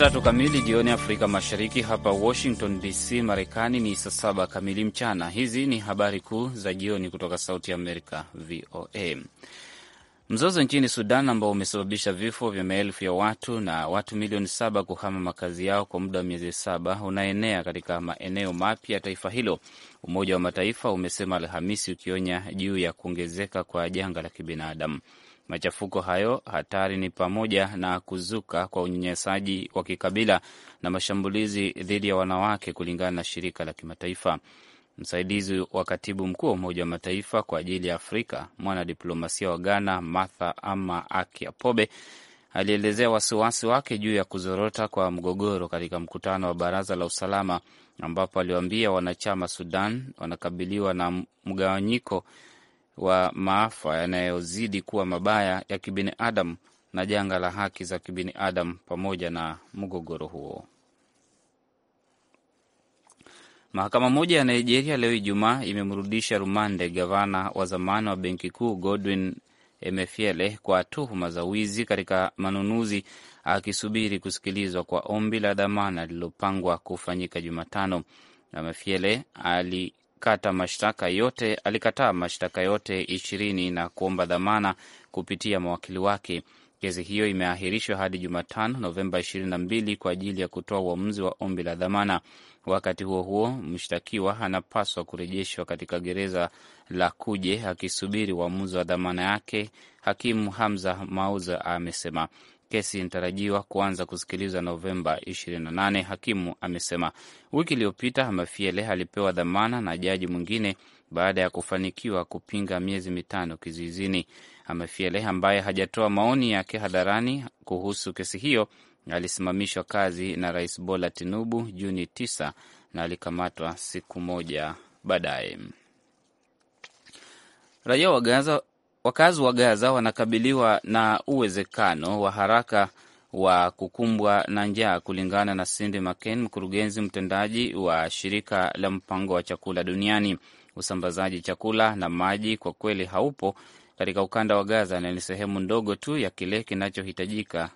tatu kamili jioni Afrika Mashariki. Hapa Washington DC, Marekani ni saa saba kamili mchana. Hizi ni habari kuu za jioni kutoka Sauti ya Amerika, VOA. Mzozo nchini Sudan ambao umesababisha vifo vya maelfu ya watu na watu milioni saba kuhama makazi yao kwa muda wa miezi saba unaenea katika maeneo mapya ya taifa hilo, Umoja wa Mataifa umesema Alhamisi, ukionya juu ya kuongezeka kwa janga la kibinadamu. Machafuko hayo hatari ni pamoja na kuzuka kwa unyanyasaji wa kikabila na mashambulizi dhidi ya wanawake, kulingana na shirika la kimataifa. Msaidizi wa katibu mkuu wa Umoja wa Mataifa kwa ajili ya Afrika, mwanadiplomasia wa Ghana Martha ama akiapobe alielezea wasiwasi wake juu ya kuzorota kwa mgogoro katika mkutano wa Baraza la Usalama, ambapo aliwaambia wanachama Sudan wanakabiliwa na mgawanyiko wa maafa yanayozidi kuwa mabaya ya kibinadamu na janga la haki za kibinadamu pamoja na mgogoro huo. Mahakama moja ya Nigeria leo Ijumaa imemrudisha rumande gavana wa zamani wa benki kuu Godwin Emefiele kwa tuhuma za wizi katika manunuzi, akisubiri kusikilizwa kwa ombi la dhamana lililopangwa kufanyika Jumatano. Emefiele ali kata mashtaka yote, alikataa mashtaka yote ishirini na kuomba dhamana kupitia mawakili wake. Kesi hiyo imeahirishwa hadi Jumatano, Novemba 22 kwa ajili ya kutoa uamuzi wa ombi la dhamana. Wakati huo huo, mshtakiwa anapaswa kurejeshwa katika gereza la Kuje akisubiri uamuzi wa dhamana yake, hakimu Hamza Mauza amesema. Kesi inatarajiwa kuanza kusikilizwa Novemba 28, hakimu amesema. Wiki iliyopita Mafiele alipewa dhamana na jaji mwingine baada ya kufanikiwa kupinga miezi mitano kizuizini. Amefiele ambaye hajatoa maoni yake hadharani kuhusu kesi hiyo alisimamishwa kazi na Rais Bola Tinubu Juni 9 na alikamatwa siku moja baadaye. Raia wa Gaza Wakazi wa Gaza wanakabiliwa na uwezekano wa haraka wa kukumbwa na njaa kulingana na Cindy McCain, mkurugenzi mtendaji wa shirika la mpango wa chakula duniani. Usambazaji chakula na maji kwa kweli haupo katika ukanda wa Gaza na ni sehemu ndogo tu ya kile kinachohitajika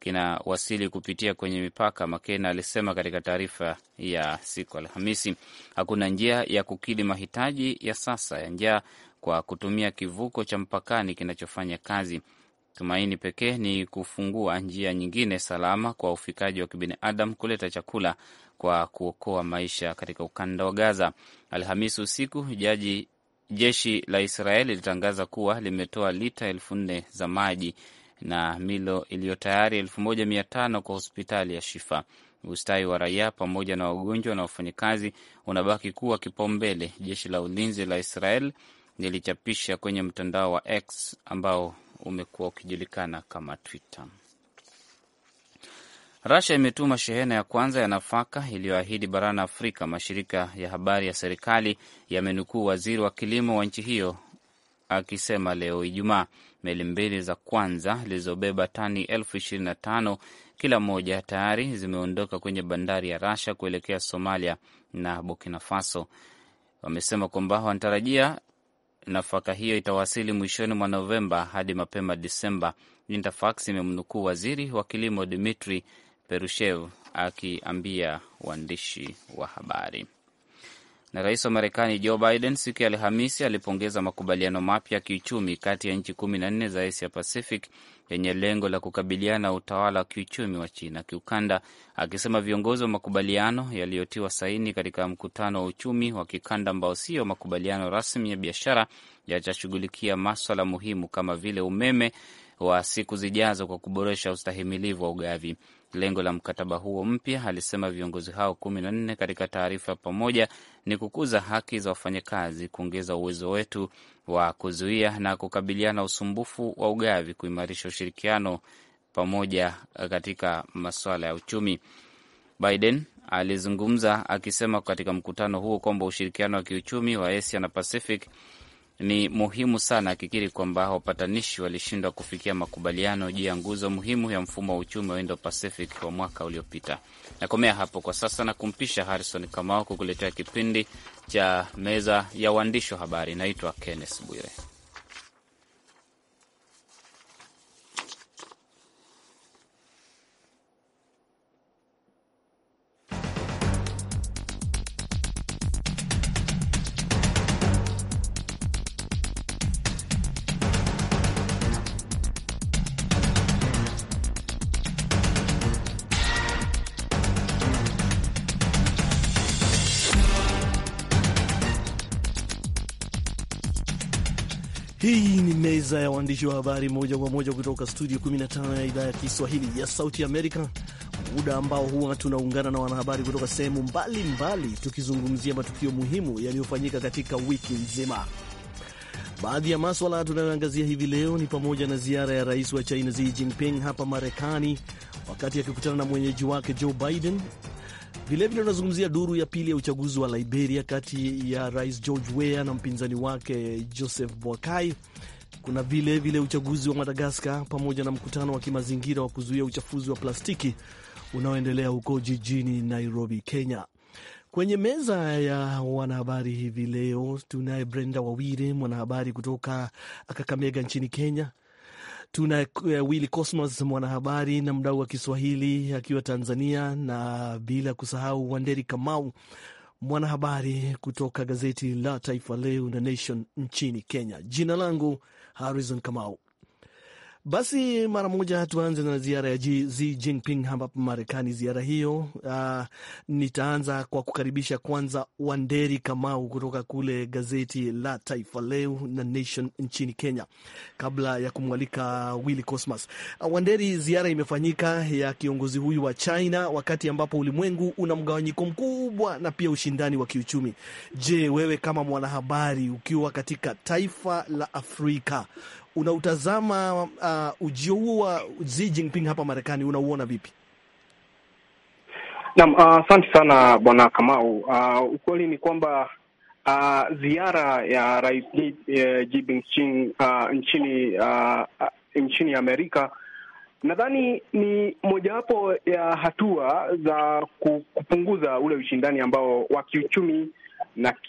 kinawasili kupitia kwenye mipaka, McCain alisema katika taarifa ya siku Alhamisi. Hakuna njia ya kukidhi mahitaji ya sasa ya njaa kwa kutumia kivuko cha mpakani kinachofanya kazi. Tumaini pekee ni kufungua njia nyingine salama kwa ufikaji wa kibinadamu kuleta chakula kwa kuokoa maisha katika ukanda wa Gaza. Alhamisi usiku jaji jeshi la Israeli lilitangaza kuwa limetoa lita elfu nne za maji na milo iliyo tayari elfu moja mia tano kwa hospitali ya Shifa. Ustawi wa raia pamoja na wagonjwa na wafanyakazi unabaki kuwa kipaumbele. Jeshi la ulinzi la Israel nilichapisha kwenye mtandao wa X ambao umekuwa ukijulikana kama Twitter. Rasia imetuma shehena ya kwanza ya nafaka iliyoahidi barani Afrika. Mashirika ya habari ya serikali yamenukuu waziri wa kilimo wa nchi hiyo akisema leo Ijumaa meli mbili za kwanza zilizobeba tani elfu ishirini na tano kila moja tayari zimeondoka kwenye bandari ya Rasha kuelekea Somalia na Burkina Faso. Wamesema kwamba wanatarajia Nafaka hiyo itawasili mwishoni mwa Novemba hadi mapema Disemba. Interfax imemnukuu waziri wa kilimo Dmitri Perushev akiambia waandishi wa habari na rais wa Marekani Joe Biden siku ya Alhamisi alipongeza makubaliano mapya ya kiuchumi kati ya nchi kumi na nne za Asia Pacific yenye lengo la kukabiliana na utawala wa kiuchumi wa China kiukanda, akisema viongozi wa makubaliano yaliyotiwa saini katika mkutano wa uchumi wa kikanda ambao sio makubaliano rasmi ya biashara yatashughulikia maswala muhimu kama vile umeme wa siku zijazo kwa kuboresha ustahimilivu wa ugavi. Lengo la mkataba huo mpya, alisema viongozi hao kumi na nne katika taarifa pamoja, ni kukuza haki za wafanyakazi, kuongeza uwezo wetu wa kuzuia na kukabiliana usumbufu wa ugavi, kuimarisha ushirikiano pamoja katika masuala ya uchumi. Biden alizungumza akisema katika mkutano huo kwamba ushirikiano wa kiuchumi wa Asia na Pacific ni muhimu sana, akikiri kwamba wapatanishi walishindwa kufikia makubaliano juu ya nguzo muhimu ya mfumo wa uchumi wa Indo Pacific mwaka uliopita. Nakomea hapo kwa sasa na kumpisha Harrison Kamao kukuletea kipindi cha meza ya waandishi wa habari. Naitwa Kenneth Bwire. meza ya waandishi wa habari moja kwa moja kutoka studio 15 ya idhaa ya Kiswahili ya Sauti Amerika, muda ambao huwa tunaungana na wanahabari kutoka sehemu mbalimbali tukizungumzia matukio muhimu yaliyofanyika katika wiki nzima. Baadhi ya maswala tunayoangazia hivi leo ni pamoja na ziara ya rais wa China Xi Jinping hapa Marekani wakati akikutana na mwenyeji wake Joe Biden. Vilevile tunazungumzia duru ya pili ya uchaguzi wa Liberia kati ya rais George Weah na mpinzani wake Joseph Boakai, kuna vile vile uchaguzi wa Madagaskar pamoja na mkutano wa kimazingira wa kuzuia uchafuzi wa plastiki unaoendelea huko jijini Nairobi, Kenya. Kwenye meza ya wanahabari hivi leo tunaye Brenda Wawire, mwanahabari kutoka Kakamega nchini Kenya. Tuna uh, eh, Willy mwanahabari na mdau wa Kiswahili akiwa Tanzania, na bila kusahau Wanderi Kamau, mwanahabari kutoka gazeti la Taifa Leo na Nation nchini Kenya. Jina langu Harrison Kamau. Basi mara moja tuanze na ziara ya Xi Jinping hapa Marekani. Ziara hiyo uh, nitaanza kwa kukaribisha kwanza Wanderi Kamau kutoka kule gazeti la Taifa Leo na Nation nchini Kenya, kabla ya kumwalika Willy Cosmas. Uh, Wanderi, ziara imefanyika ya kiongozi huyu wa China wakati ambapo ulimwengu una mgawanyiko mkubwa na pia ushindani wa kiuchumi. Je, wewe kama mwanahabari ukiwa katika taifa la Afrika unautazama uh, ujio huo wa Xi Jinping hapa Marekani unauona vipi? Naam, uh, asante uh, sana bwana Kamau. Uh, ukweli ni kwamba uh, ziara ya rais eh, Jinping uh, nchini uh, nchini Amerika nadhani ni mojawapo ya hatua za kupunguza ule ushindani ambao wa kiuchumi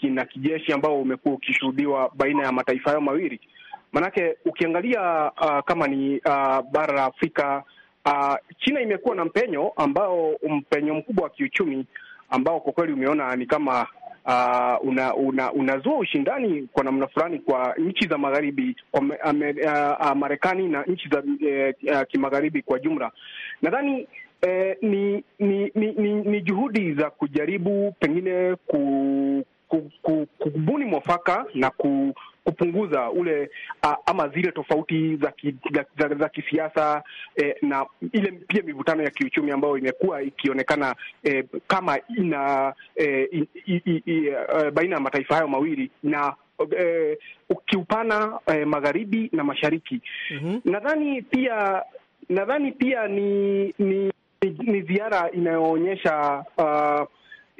na kijeshi ambao umekuwa ukishuhudiwa baina ya mataifa hayo mawili. Manake ukiangalia uh, kama ni uh, bara la Afrika uh, China imekuwa na mpenyo ambao mpenyo mkubwa wa kiuchumi ambao kwa kweli umeona ni kama uh, una, una, unazua ushindani kwa namna fulani kwa nchi za magharibi kwa uh, uh, uh, Marekani na nchi za uh, uh, kimagharibi kwa jumla. Nadhani E, ni, ni, ni, ni, ni juhudi za kujaribu pengine ku kubuni mwafaka na ku, kupunguza ule ama zile tofauti za, ki, za, za, za kisiasa e, na ile pia mivutano ya kiuchumi ambayo imekuwa ikionekana e, kama ina e, i, i, i, e, baina ya mataifa hayo mawili na e, ukiupana e, magharibi na mashariki. mm-hmm. Nadhani pia nadhani pia ni ni ni ziara inayoonyesha uh,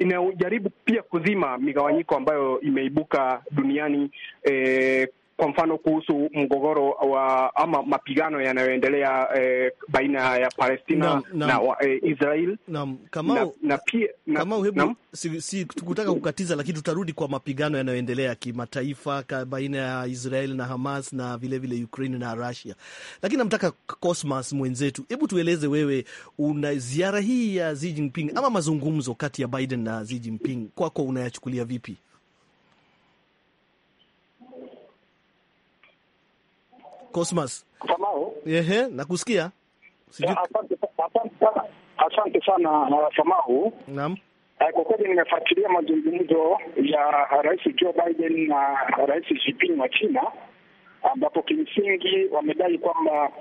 inayojaribu pia kuzima migawanyiko ambayo imeibuka duniani eh, kwa mfano kuhusu mgogoro wa ama mapigano yanayoendelea e, baina ya Palestina na, na, na e, eh, Israel na, kama na, na pia Kamau, hebu si, si kutaka kukatiza, lakini tutarudi kwa mapigano yanayoendelea kimataifa baina ya Israel na Hamas na vilevile vile Ukraine na Russia, lakini namtaka Cosmas mwenzetu, hebu tueleze wewe, una ziara hii ya Xi Jinping ama mazungumzo kati ya Biden na Xi Jinping kwako unayachukulia vipi? Cosmas. Samao. Ehe, nakusikia. Sijui. Asante sana. Asante uh, sana Samao. Naam. Uh, kwa kweli nimefuatilia mazungumzo ya Rais Joe Biden na Rais Xi Jinping wa China ambapo kimsingi wamedai kwamba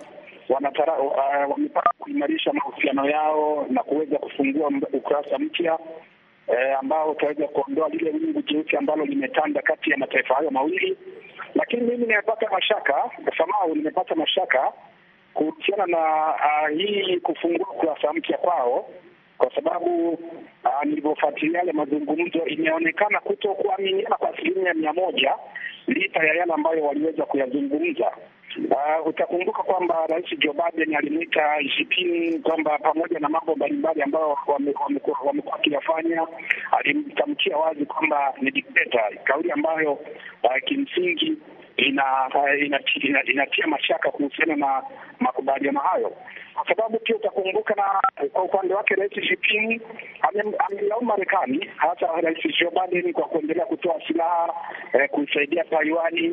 wanatara uh, wamepanga kuimarisha mahusiano yao na kuweza kufungua ukurasa mpya eh, ambao utaweza kuondoa lile wingu jeusi ambalo limetanda kati ya mataifa hayo mawili lakini mimi nimepata mashaka Samau, nimepata mashaka kuhusiana na uh, hii kufungua kurasa mpya kwao, kwa sababu uh, nilivyofuatilia yale mazungumzo, imeonekana kutokuaminiana kwa asilimia mia moja lita ya yale ambayo waliweza kuyazungumza. Uh, utakumbuka kwamba Rais Joe Biden alimwita Jinping kwamba pamoja na mambo mbalimbali ambayo wamekuwa wakiyafanya, alimtamkia wazi kwamba ni dikteta, kauli ambayo uh, kimsingi ina, inatia ina, ina, ina mashaka kuhusiana na makubaliano hayo, kwa sababu pia utakumbuka, na kwa upande wake Rais Jinping amelaumu Marekani hasa Rais Joe Biden kwa kuendelea kutoa silaha eh, kuisaidia Taiwani,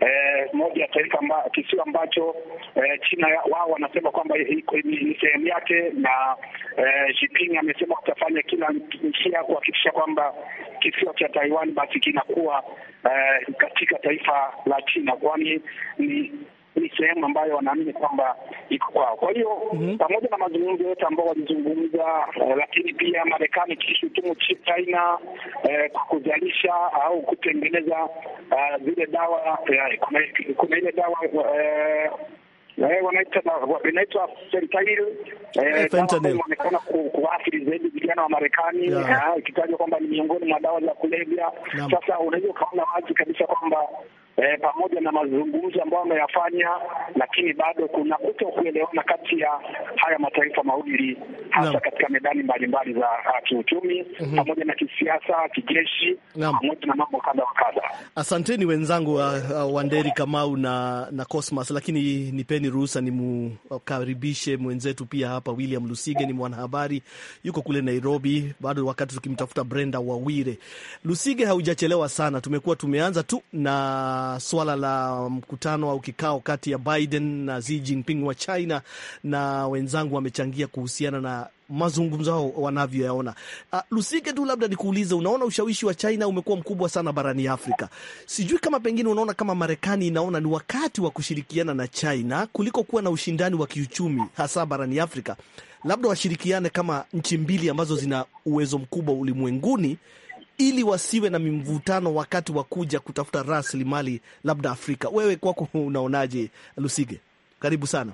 eh, moja ya taifa mba, kisio ambacho eh, China wao wanasema kwamba ni sehemu yake, na eh, Jinping amesema kutafanya kila njia kuhakikisha kwamba kisiwa cha Taiwan basi kinakuwa eh, katika taifa la China, kwani ni ni sehemu ambayo wanaamini kwamba iko kwao. Kwa hiyo mm -hmm. pamoja na mazungumzo yote ambao walizungumza, eh, lakini pia Marekani kishutumu China eh, kwa kuzalisha au kutengeneza eh, zile dawa eh, kuna, kuna ile dawa eh, eh inaitwa fentanyl eh, imeonekana kuathiri zaidi vijana wa Marekani, ikitajwa kwamba ni miongoni mwa dawa za kulevya. Sasa unaweza ukaona wazi kabisa kwamba e, pamoja na mazungumzo ambayo ameyafanya, lakini bado kuna kutokuelewana kati ya haya mataifa mawili hasa no. katika medani mbalimbali za uh, kiuchumi mm -hmm. pamoja na kisiasa, kijeshi no. pamoja na mambo kadha wa kadha. Asanteni wenzangu uh, uh, Wanderi Kamau na, na Cosmas, lakini nipeni ruhusa nimkaribishe mwenzetu pia hapa William Lusige, ni mwanahabari yuko kule Nairobi bado wakati tukimtafuta Brenda Wawire. Lusige, haujachelewa sana, tumekuwa tumeanza tu na swala la mkutano au kikao kati ya Biden na Xi Jinping wa China, na wenzangu wamechangia kuhusiana na mazungumzo hao wanavyoyaona. Uh, Lusike tu labda nikuulize, unaona ushawishi wa China umekuwa mkubwa sana barani Afrika. Sijui kama pengine unaona kama Marekani inaona ni wakati wa kushirikiana na China kuliko kuwa na ushindani wa kiuchumi hasa barani Afrika, labda washirikiane kama nchi mbili ambazo zina uwezo mkubwa ulimwenguni ili wasiwe na mivutano wakati wa kuja kutafuta rasilimali labda Afrika. Wewe kwako unaonaje, Lusige? Karibu sana.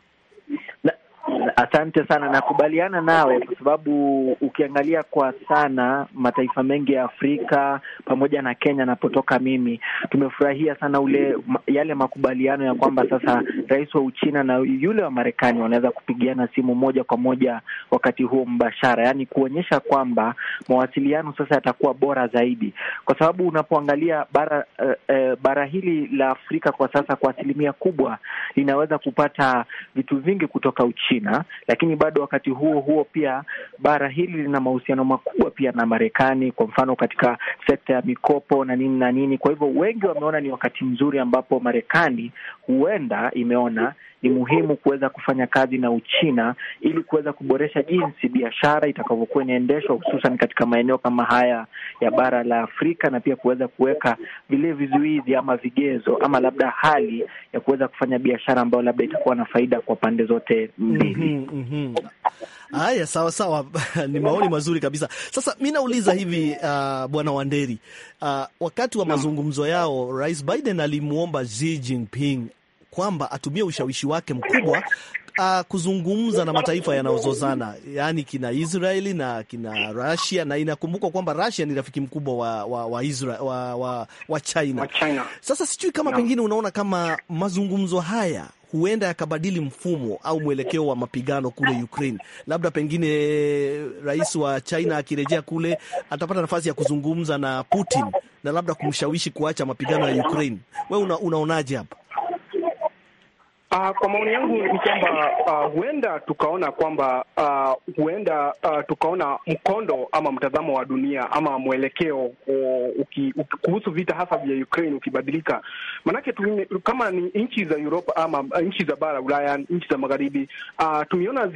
Asante sana, nakubaliana nawe kwa sababu ukiangalia kwa sana mataifa mengi ya Afrika pamoja na Kenya napotoka mimi, tumefurahia sana ule yale makubaliano ya kwamba sasa rais wa Uchina na yule wa Marekani wanaweza kupigiana simu moja kwa moja wakati huo mbashara, yaani kuonyesha kwamba mawasiliano sasa yatakuwa bora zaidi, kwa sababu unapoangalia bara eh, eh, bara hili la Afrika kwa sasa kwa asilimia kubwa linaweza kupata vitu vingi kutoka Uchina lakini bado wakati huo huo pia bara hili lina mahusiano makubwa pia na Marekani, kwa mfano katika sekta ya mikopo na nini na nini. Kwa hivyo wengi wameona ni wakati mzuri ambapo Marekani huenda imeona ni muhimu kuweza kufanya kazi na Uchina ili kuweza kuboresha jinsi biashara itakavyokuwa inaendeshwa hususan katika maeneo kama haya ya bara la Afrika, na pia kuweza kuweka vile vizuizi ama vigezo ama labda hali ya kuweza kufanya biashara ambayo labda itakuwa na faida kwa pande zote mbili. Mm-hmm. Mm haya Sawa sawa ni maoni mazuri kabisa. Sasa mi nauliza hivi, uh, bwana Wanderi, uh, wakati wa mazungumzo yao Rais Biden alimwomba Xi Jinping kwamba atumie ushawishi wake mkubwa uh, kuzungumza na mataifa yanayozozana, yaani kina Israeli na kina Russia, na inakumbukwa kwamba Russia ni rafiki mkubwa wa wa wa, Israel, wa, wa, wa China. China. Sasa sijui kama no. pengine unaona kama mazungumzo haya huenda yakabadili mfumo au mwelekeo wa mapigano kule Ukraine. Labda pengine eh, rais wa China akirejea kule atapata nafasi ya kuzungumza na Putin na labda kumshawishi kuacha mapigano ya Ukraine. Wewe una, unaonaje hapa? Uh, kwa maoni yangu ni kwamba uh, huenda tukaona kwamba uh, huenda uh, tukaona mkondo ama mtazamo wa dunia ama mwelekeo uh, kuhusu vita hasa vya Ukraine ukibadilika, maanake kama ni nchi za Europa ama nchi za bara Ulaya, nchi za magharibi uh, tumeona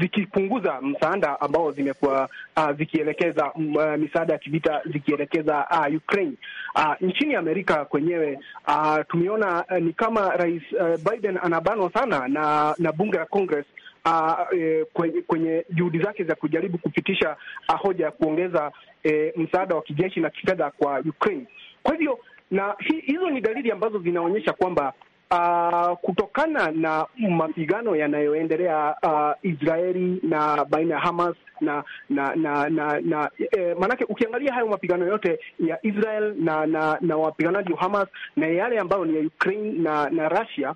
zikipunguza ziki msaada ambao zimekuwa uh, zikielekeza uh, misaada ya kivita zikielekeza uh, Ukraine. Uh, nchini Amerika kwenyewe uh, tumeona uh, eh, ni kama Rais uh, Biden anabanwa sana na na bunge la Congress uh, eh, kwenye, kwenye juhudi zake za kujaribu kupitisha ah, hoja ya kuongeza eh, msaada wa kijeshi na kifedha kwa Ukraine. Kwa hivyo na hi, hizo ni dalili ambazo zinaonyesha kwamba Uh, kutokana na mapigano yanayoendelea uh, Israeli na baina ya Hamas na na na na, na e, maanake ukiangalia hayo mapigano yote ya Israel na na, na wapiganaji wa Hamas na yale ambayo ni ya Ukraine na na Russia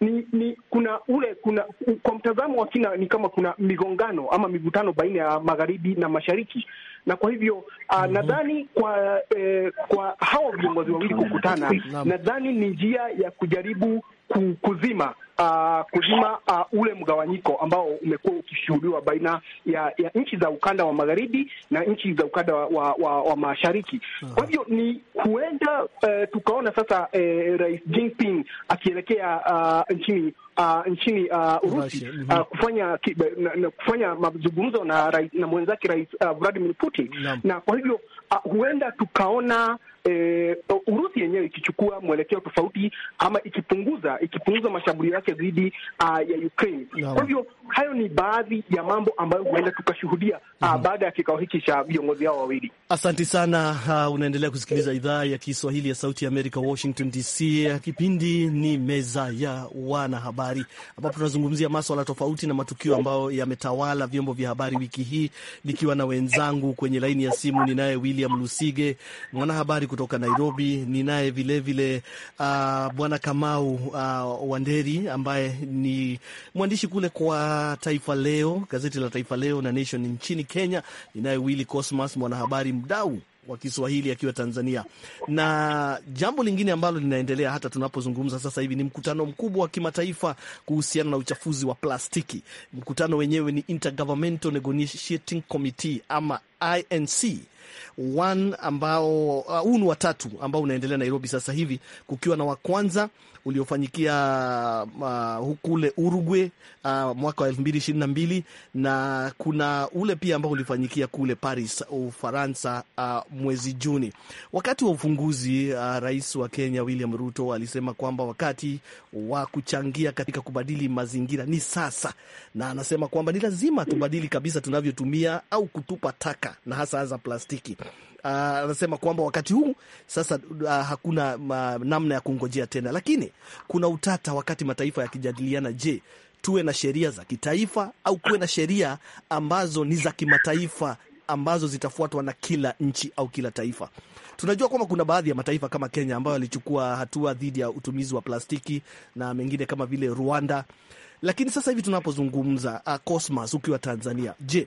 ni ni kuna ule kuna kwa mtazamo wa kina ni kama kuna migongano ama mivutano baina ya magharibi na mashariki, na kwa hivyo uh, mm -hmm. nadhani kwa eh, kwa hawa viongozi wawili kukutana, nadhani ni njia ya kujaribu kuzima uh, kuzima uh, ule mgawanyiko ambao umekuwa ukishuhudiwa baina ya, ya nchi za ukanda wa magharibi na nchi za ukanda wa, wa, wa, wa mashariki. Kwa hivyo ni huenda uh, tukaona sasa uh, Rais Jinping akielekea uh, nchini Uh, nchini uh, Urusi uh, mhm. kufanya ki, na, na, kufanya mazungumzo na, na mwenzake Rais uh, Vladimir Putin na, na kwa hivyo uh, huenda tukaona eh, Urusi yenyewe ikichukua mwelekeo tofauti ama ikipunguza ikipunguza mashambulio yake dhidi uh, ya Ukraine. Kwa hivyo hayo ni baadhi ya mambo ambayo huenda tukashuhudia uh, baada ya kikao hiki cha viongozi hao wawili. asanti sana. Uh, unaendelea kusikiliza idhaa ya Kiswahili ya Sauti ya Amerika, Washington DC. Kipindi ni Meza ya Wanahabari, ambapo tunazungumzia maswala tofauti na matukio ambayo yametawala vyombo vya habari wiki hii, nikiwa na wenzangu kwenye laini ya simu ninaye William Lusige, mwanahabari kutoka Nairobi. Ninaye vilevile uh, ah, bwana Kamau uh, Wanderi ambaye ni mwandishi kule kwa Taifa Leo, gazeti la Taifa Leo na Nation nchini Kenya. Ninaye willi Cosmas, mwanahabari mdau wa Kiswahili akiwa Tanzania. Na jambo lingine ambalo linaendelea hata tunapozungumza sasa hivi ni mkutano mkubwa wa kimataifa kuhusiana na uchafuzi wa plastiki. Mkutano wenyewe ni Intergovernmental Negotiating Committee ama INC one ambao huu uh, ni watatu ambao unaendelea Nairobi sasa hivi, kukiwa na wa kwanza uliofanyikia uh, kule Uruguay uh, mwaka wa elfu mbili ishirini na mbili na kuna ule pia ambao ulifanyikia kule Paris, Ufaransa uh, mwezi Juni. Wakati wa ufunguzi uh, rais wa Kenya William Ruto alisema kwamba wakati wa kuchangia katika kubadili mazingira ni sasa, na anasema kwamba ni lazima tubadili kabisa tunavyotumia au kutupa taka na hasa hasa plastiki. Ah, anasema kwamba wakati huu sasa uh, hakuna uh, namna ya kungojea tena, lakini kuna utata wakati mataifa yakijadiliana, je, tuwe na sheria za kitaifa au kuwe na sheria ambazo ni za kimataifa ambazo zitafuatwa na kila nchi au kila taifa. Tunajua kwamba kuna baadhi ya mataifa kama Kenya ambayo yalichukua hatua dhidi ya utumizi wa plastiki na mengine kama vile Rwanda, lakini sasa hivi tunapozungumza, ah, Cosmas ukiwa Tanzania, je,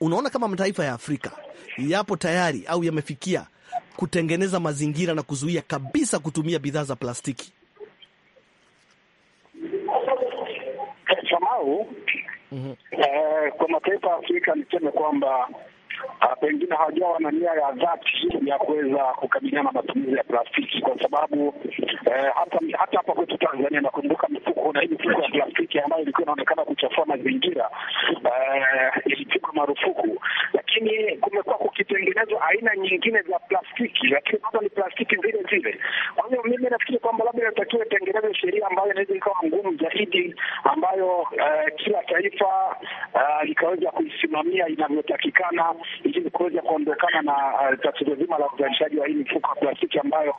unaona kama mataifa ya Afrika yapo tayari au yamefikia kutengeneza mazingira na kuzuia kabisa kutumia bidhaa za plastiki? Samau, mm -hmm. Eh, kwa mataifa ya Afrika niseme kwamba ah, pengine hawajawa na nia ya dhati ya kuweza kukabiliana na matumizi ya plastiki, kwa sababu eh, hata hata hapa kwetu Tanzania nakumbuka mifuko na hii mifuko ya plastiki ambayo ilikuwa inaonekana kuchafua mazingira, aina nyingine za plastiki, lakini bado ni plastiki zile zile. Kwa hiyo mimi nafikiri kwamba labda inatakiwa itengeneze sheria ambayo inaweza ikawa ngumu zaidi, ambayo eh, kila taifa eh, likaweza kuisimamia inavyotakikana, ili kuweza kuondokana na eh, tatizo zima la uzalishaji wa hii mifuko ya plastiki ambayo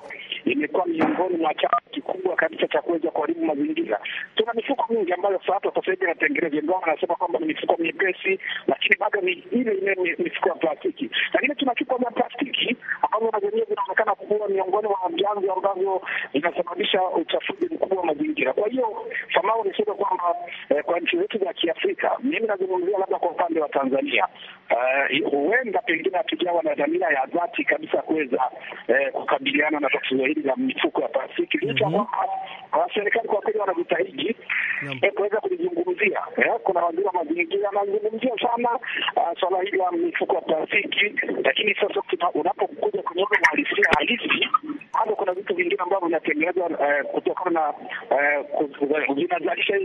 imekuwa miongoni mwa chanzo kubwa kabisa cha kuweza kuharibu mazingira. Tuna mifuko mingi ambayo watu sasa hivi wanatengeneza, ndio wanasema kwamba ni mifuko miepesi, lakini bado ni ile ile mifuko ya plastiki. Lakini tuna chupa za plastiki ambazo na zenyewe zinaonekana kuwa miongoni mwa vyanzo ambavyo vinasababisha uchafuzi mkubwa wa mazingira. Kwa hiyo Famau, niseme kwamba eh, kwa nchi zetu za Kiafrika, mimi nazungumzia labda kwa upande wa Tanzania Eh, huenda uh, pengine hatujawa na dhamira ya dhati kabisa kuweza eh, kukabiliana na tatizo hili la mifuko ya plastiki licha mm -hmm. serikali kwa kweli wanajitahidi mm -hmm. eh, kuweza kulizungumzia eh, kuna waziri wa mazingira anazungumzia sana uh, swala hili la mifuko ya plastiki, lakini sasa unapokuja kwenye uhalisia halisi na vitu vingine ambavyo vinatengenezwa eh, kutokana na eh, vinazalisha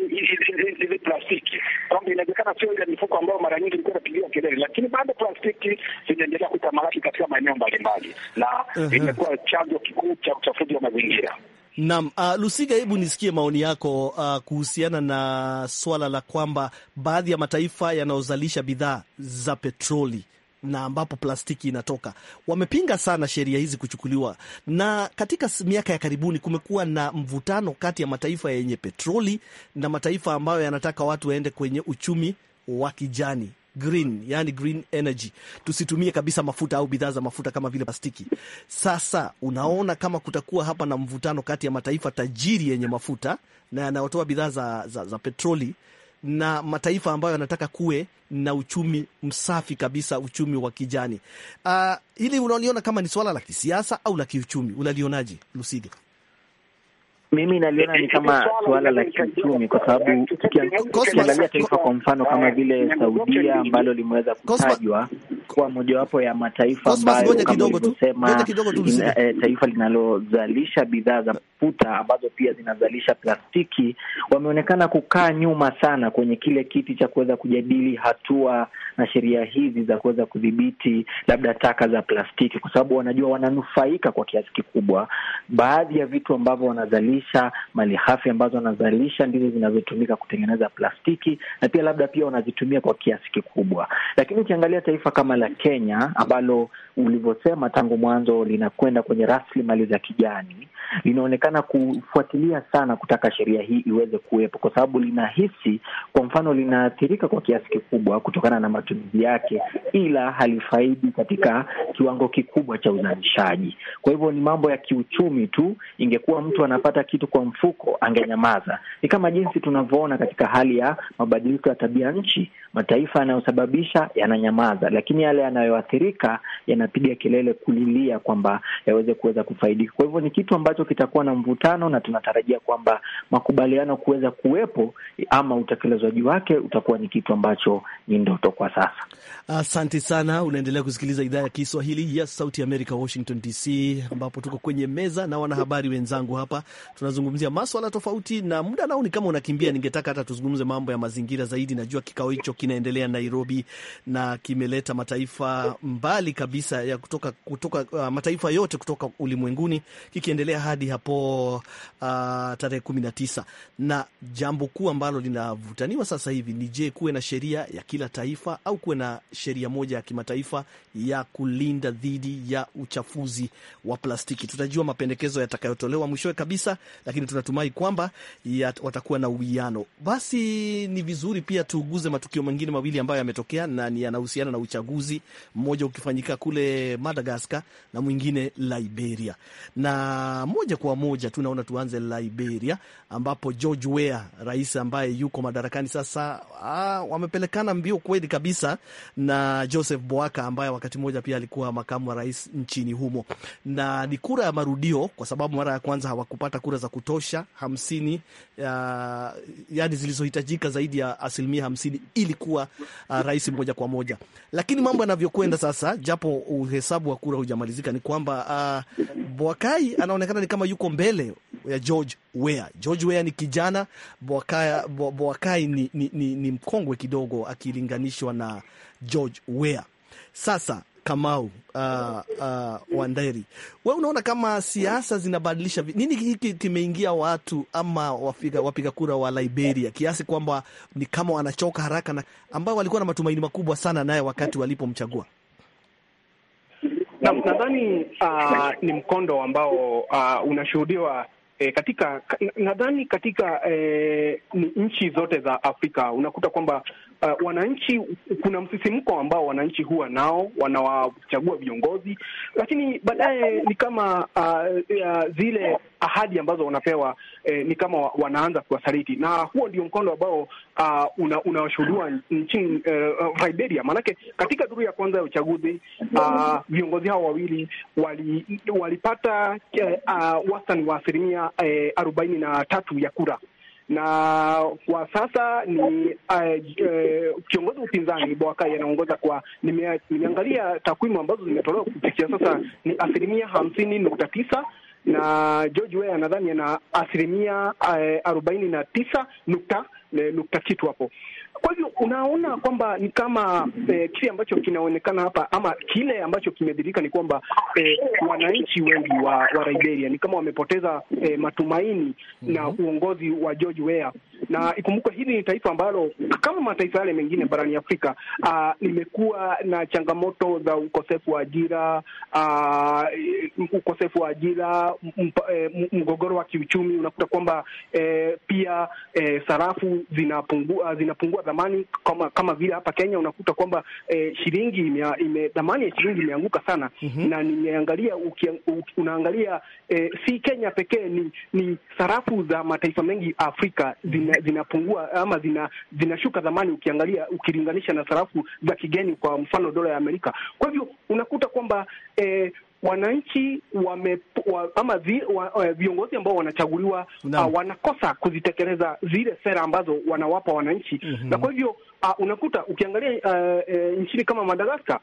hizi plastiki, kwamba inawezekana sio ile mifuko ambayo mara nyingi ilikuwa inapigiwa kelele, lakini bado plastiki zinaendelea kutamalaki katika maeneo mbalimbali na imekuwa chanzo kikuu cha uchafuzi wa mazingira. Naam, uh, Lusiga, hebu nisikie maoni yako uh, kuhusiana na swala la kwamba baadhi ya mataifa yanayozalisha bidhaa za petroli na ambapo plastiki inatoka. Wamepinga sana sheria hizi kuchukuliwa, na katika miaka ya karibuni kumekuwa na mvutano kati ya mataifa yenye petroli na mataifa ambayo yanataka watu waende kwenye uchumi wa kijani green, yani green energy, tusitumie kabisa mafuta au bidhaa za mafuta kama vile plastiki. Sasa unaona kama kutakuwa hapa na mvutano kati ya mataifa tajiri yenye mafuta na yanayotoa bidhaa za, za, za petroli na mataifa ambayo yanataka kuwe na uchumi msafi kabisa, uchumi wa kijani. Uh, hili unaliona kama ni swala la kisiasa au la kiuchumi, unalionaje Lusige? Mimi naliona ni kama suala la kiuchumi, kwa sababu tukiangalia taifa kwa mfano kama vile Saudia ambalo limeweza kutajwa kuwa mojawapo ya mataifa ambayo kama eh, taifa linalozalisha bidhaa za mafuta ambazo pia zinazalisha plastiki, wameonekana kukaa nyuma sana kwenye kile kiti cha kuweza kujadili hatua na sheria hizi za kuweza kudhibiti labda taka za plastiki, kwa sababu wanajua wananufaika kwa kiasi kikubwa baadhi ya vitu ambavyo wanazalisha wanazalisha, mali hafi ambazo wanazalisha ndizo zinazotumika kutengeneza plastiki, na pia labda pia wanazitumia kwa kiasi kikubwa. Lakini ukiangalia taifa kama la Kenya ambalo ulivyosema tangu mwanzo linakwenda kwenye rasilimali za kijani, linaonekana kufuatilia sana kutaka sheria hii iweze kuwepo, kwa sababu linahisi, kwa mfano, linaathirika kwa kiasi kikubwa kutokana na matumizi yake, ila halifaidi katika kiwango kikubwa cha uzalishaji. Kwa hivyo ni mambo ya kiuchumi tu. Ingekuwa mtu anapata kitu kwa mfuko, angenyamaza. Ni kama jinsi tunavyoona katika hali ya mabadiliko ya tabia nchi, mataifa yanayosababisha yananyamaza, lakini yale yanayoathirika yanapiga kelele kulilia kwamba yaweze kuweza kufaidika. Kwa hivyo ni kitu ambacho kitakuwa na mvutano, na tunatarajia kwamba makubaliano kuweza kuwepo ama utekelezaji wake utakuwa ni kitu ambacho ni ndoto kwa sasa. Asante sana. Unaendelea kusikiliza idhaa ya Kiswahili ya Sauti ya Amerika, Washington DC, ambapo tuko kwenye meza na wanahabari wenzangu hapa tunazungumzia maswala tofauti na muda nao ni kama unakimbia. Ningetaka hata tuzungumze mambo ya mazingira zaidi. Najua kikao hicho kinaendelea Nairobi na kimeleta mataifa mbali kabisa ya kutoka, kutoka uh, mataifa yote kutoka ulimwenguni kikiendelea hadi hapo uh, tarehe kumi na tisa na jambo kuu ambalo linavutaniwa sasa hivi ni je, kuwe na sheria ya kila taifa au kuwe na sheria moja ya kimataifa ya kulinda dhidi ya uchafuzi wa plastiki. Tutajua mapendekezo yatakayotolewa mwishowe kabisa lakini tunatumai kwamba watakuwa na uwiano. Basi ni vizuri pia tuuguze matukio mengine mawili ambayo yametokea na ni yanahusiana na uchaguzi, mmoja ukifanyika kule Madagaskar na mwingine Liberia. Na moja kwa moja tunaona tuanze Liberia, ambapo George Weah, rais ambaye yuko madarakani sasa, wamepelekana mbio kweli kabisa na Joseph Boaka ambaye wakati mmoja pia alikuwa makamu wa rais nchini humo, na ni kura ya marudio kwa sababu mara ya kwanza hawakupata kura kura za kutosha hamsini, yaani zilizohitajika zaidi ya asilimia hamsini ili kuwa uh, rais moja kwa moja. Lakini mambo yanavyokwenda sasa, japo uhesabu wa kura hujamalizika, ni kwamba uh, ah, Bwakai anaonekana ni kama yuko mbele ya George Weah. George Weah ni kijana, Bwakai, ni, ni, ni, ni mkongwe kidogo akilinganishwa na George Weah. Sasa Kamau uh, uh, Wanderi, we unaona kama siasa zinabadilisha nini? Hiki kimeingia watu ama wapiga, wapiga kura wa Liberia kiasi kwamba ni kama wanachoka haraka, na ambao walikuwa na matumaini makubwa sana naye wakati walipomchagua. Nadhani uh, ni mkondo ambao uh, unashuhudiwa E, katika nadhani katika e, nchi zote za Afrika unakuta kwamba uh, wananchi, kuna msisimko ambao wananchi huwa nao wanawachagua viongozi, lakini baadaye ni kama uh, uh, zile ahadi ambazo wanapewa eh, ni kama wanaanza kuwasaliti, na huo ndio mkondo ambao uh, unawashuhudiwa una nchini uh, Liberia. Maanake katika duru ya kwanza ya uchaguzi uh, viongozi hao wawili walipata wali eh, uh, wastani wa asilimia eh, arobaini na tatu ya kura na kwa sasa ni uh, kiongozi wa upinzani bwaka anaongoza kwa, nimeangalia takwimu ambazo zimetolewa kufikia sasa ni asilimia hamsini nukta tisa na George Weah anadhani ana asilimia eh, arobaini na tisa nukta nukta kitu hapo. Kwa hivyo unaona kwamba ni kama eh, kile ambacho kinaonekana hapa ama kile ambacho kimedhirika ni kwamba eh, wananchi wengi wa, wa Liberia ni kama wamepoteza eh, matumaini mm -hmm. na mhm. uongozi wa George Weah, na ikumbukwe hili ni taifa ambalo kama mataifa yale mengine barani Afrika ah, limekuwa na changamoto za ukosefu wa ajira ah, ukosefu wa ajira, eh, mgogoro wa kiuchumi. Unakuta kwamba e, pia e, sarafu zinapungua zinapungua dhamani kama kama vile hapa Kenya unakuta kwamba eh, shilingi ime, dhamani ya shilingi imeanguka sana mm -hmm. na nimeangalia unaangalia eh, si Kenya pekee ni, ni sarafu za mataifa mengi Afrika zina, mhm. zinapungua ama zina zinashuka dhamani ukiangalia ukilinganisha na sarafu za kigeni, kwa mfano dola ya Amerika. Kwa hivyo unakuta kwamba eh, wananchi wame, wa, ama vi, wa, wa, eh, viongozi ambao wanachaguliwa uh, wanakosa kuzitekeleza zile sera ambazo wanawapa wananchi mm -hmm. Na kwa hivyo uh, unakuta ukiangalia uh, e, nchini kama Madagaskar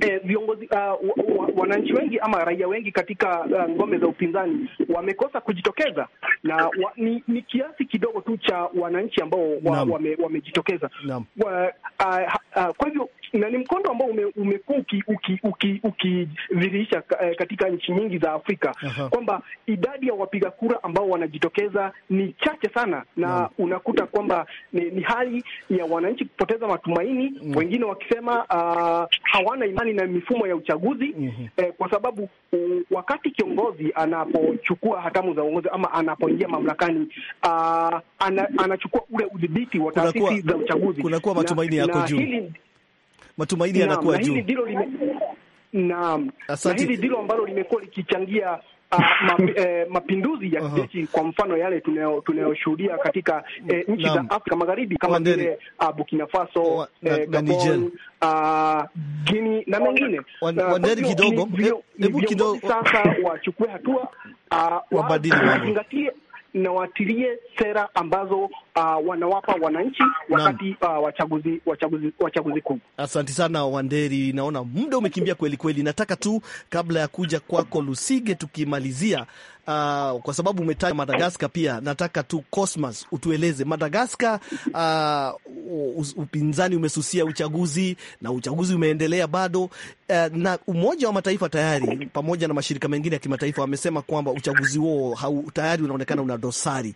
E, viongozi uh, wananchi wengi ama raia wengi katika uh, ngome za upinzani wamekosa kujitokeza na wa, ni, ni kiasi kidogo tu cha wananchi ambao wa, wame, wamejitokeza wa, uh, uh, kwa hivyo na ni mkondo ambao umekuwa ukidhihirisha eh, katika nchi nyingi za Afrika kwamba idadi ya wapiga kura ambao wanajitokeza ni chache sana, na Aha. unakuta kwamba ni, ni hali ya wananchi kupoteza matumaini mm. wengine wakisema uh, hawana imani na mifumo ya uchaguzi mm-hmm. eh, kwa sababu uh, wakati kiongozi anapochukua hatamu za uongozi ama anapoingia mamlakani uh, ana, anachukua ule udhibiti wa taasisi za uchaguzi, kunakuwa matumaini yako juu matumaini yanakuwa juu. Naam, na hili ndilo ambalo limekuwa likichangia Uh, ah, map, eh, mapinduzi ya kijeshi uh -huh. Kwa mfano yale tunayoshuhudia katika eh, nchi za Afrika Magharibi kama vile uh, Burkina Faso eh, Gabon uh, Guinea na mengine wandeni kidogo hebu kidogo sasa wachukue hatua uh, wabadili mambo nawatilie sera ambazo uh, wanawapa wananchi wakati uh, wachaguzi wachaguzi wachaguzi kuu. Asante sana Wanderi, naona muda umekimbia kweli kweli. Nataka tu kabla ya kuja kwako Lusige, tukimalizia uh, kwa sababu umetaja Madagaskar pia, nataka tu Cosmas utueleze Madagaskar. Uh, upinzani umesusia uchaguzi na uchaguzi umeendelea bado, uh, na Umoja wa Mataifa tayari pamoja na mashirika mengine ya kimataifa wamesema kwamba uchaguzi huo tayari unaonekana una dosari.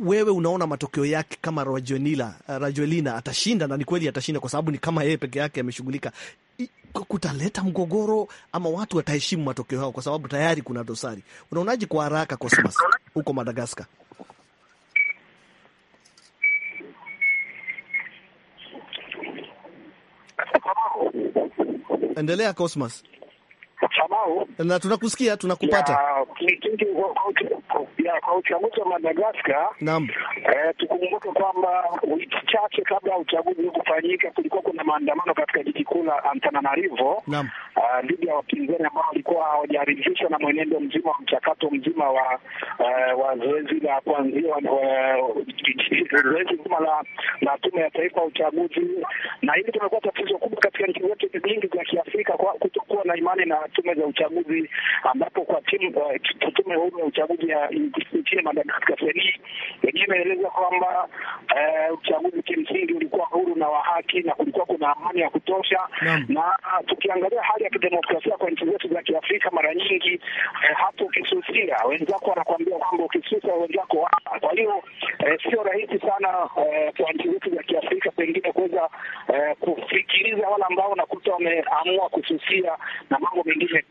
Wewe unaona matokeo yake kama Rajoelina, Rajoelina atashinda? Na ni kweli atashinda, kwa sababu ni kama yeye peke yake ameshughulika kutaleta mgogoro ama watu wataheshimu matokeo yao, kwa sababu tayari kuna dosari. Unaonaje kwa haraka, Cosmas, huko Madagaskar? Endelea Cosmas, na tunakusikia tunakupata na kwa uchaguzi wa Madagaskar, naam, eh, tukumbuke kwamba wiki chache kabla ya uchaguzi huu kufanyika kulikuwa kuna maandamano katika jiji kuu la Antananarivo, naam dhidi ah, ya wapinzani ambao walikuwa hawajaridhishwa na mwenendo mzima wa mchakato mzima wa eh, wa zoezi la kuanzia zoezi zima la la Tume ya Taifa ya Uchaguzi, na hili tumekuwa tatizo kubwa katika nchi zetu nyingi za Kiafrika kwa kutokuwa na imani na tume za uchaguzi, ambapo kwa eh, tume huru ya uchaguzi ya nchini Madagaskar yenyewe imeeleza kwamba eh, uchaguzi kimsingi ulikuwa huru na wa haki na kulikuwa kuna amani ya kutosha, na ah, tukiangalia hali ya kidemokrasia kwa nchi zetu za Kiafrika, mara nyingi eh, hapo ukisusia wenzako wanakuambia kwamba ukisusa wenzako wana. Kwa hiyo eh, sio rahisi sana eh, kwa nchi zetu za Kiafrika pengine kuweza eh, kufikiriza wale ambao unakuta wameamua kususia na mambo mengine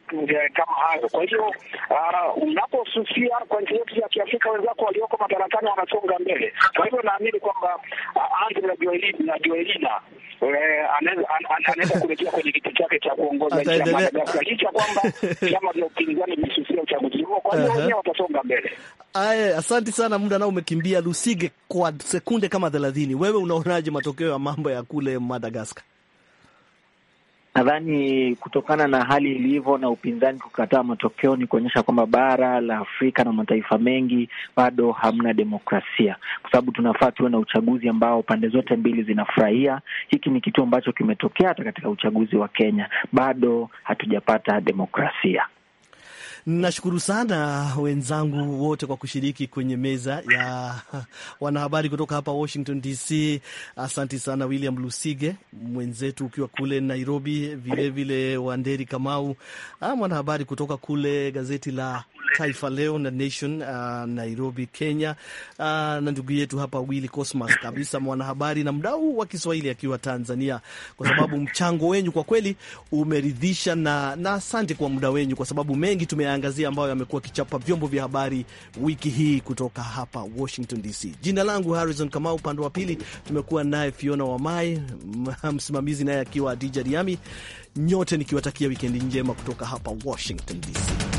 kama hayo. Kwa hiyo uh, unaposusia kwa nchi zetu za Kiafrika, wenzako walioko madarakani wanasonga mbele. Kwa hivyo naamini kwamba uh, ah, Angela Joelina Eh, anaweza kurejea kwenye kiti chake cha kuongoza chama licha kwamba vyama vya upinzani vilisusia uchaguzi huo. Kwa hiyo wenyewe watasonga mbele. Aya, asante sana, muda nao umekimbia. Lusige, kwa sekunde kama thelathini, wewe unaonaje matokeo ya mambo ya kule Madagaskar? Nadhani kutokana na hali ilivyo na upinzani kukataa matokeo ni kuonyesha kwamba bara la Afrika na mataifa mengi bado hamna demokrasia, kwa sababu tunafaa tuwe na uchaguzi ambao pande zote mbili zinafurahia. Hiki ni kitu ambacho kimetokea hata katika uchaguzi wa Kenya, bado hatujapata demokrasia. Nashukuru sana wenzangu wote kwa kushiriki kwenye meza ya wanahabari kutoka hapa Washington DC. Asanti sana William Lusige mwenzetu ukiwa kule Nairobi, vilevile Wanderi Kamau ah, mwanahabari kutoka kule gazeti la Taifa Leo na Nation uh, Nairobi, Kenya uh, na ndugu yetu hapa Willy Cosmas kabisa, mwanahabari na mdau wa Kiswahili akiwa Tanzania, kwa sababu mchango wenyu kwa kweli umeridhisha, na, na asante kwa muda wenyu, kwa sababu mengi tumeyaangazia ambayo yamekuwa kichapa vyombo vya habari wiki hii kutoka hapa Washington DC. Jina langu Harrison Kamau, upande wa pili tumekuwa naye Fiona Wamai, msimamizi naye akiwa Adija Riami. Nyote nikiwatakia wikendi njema kutoka hapa Washington DC.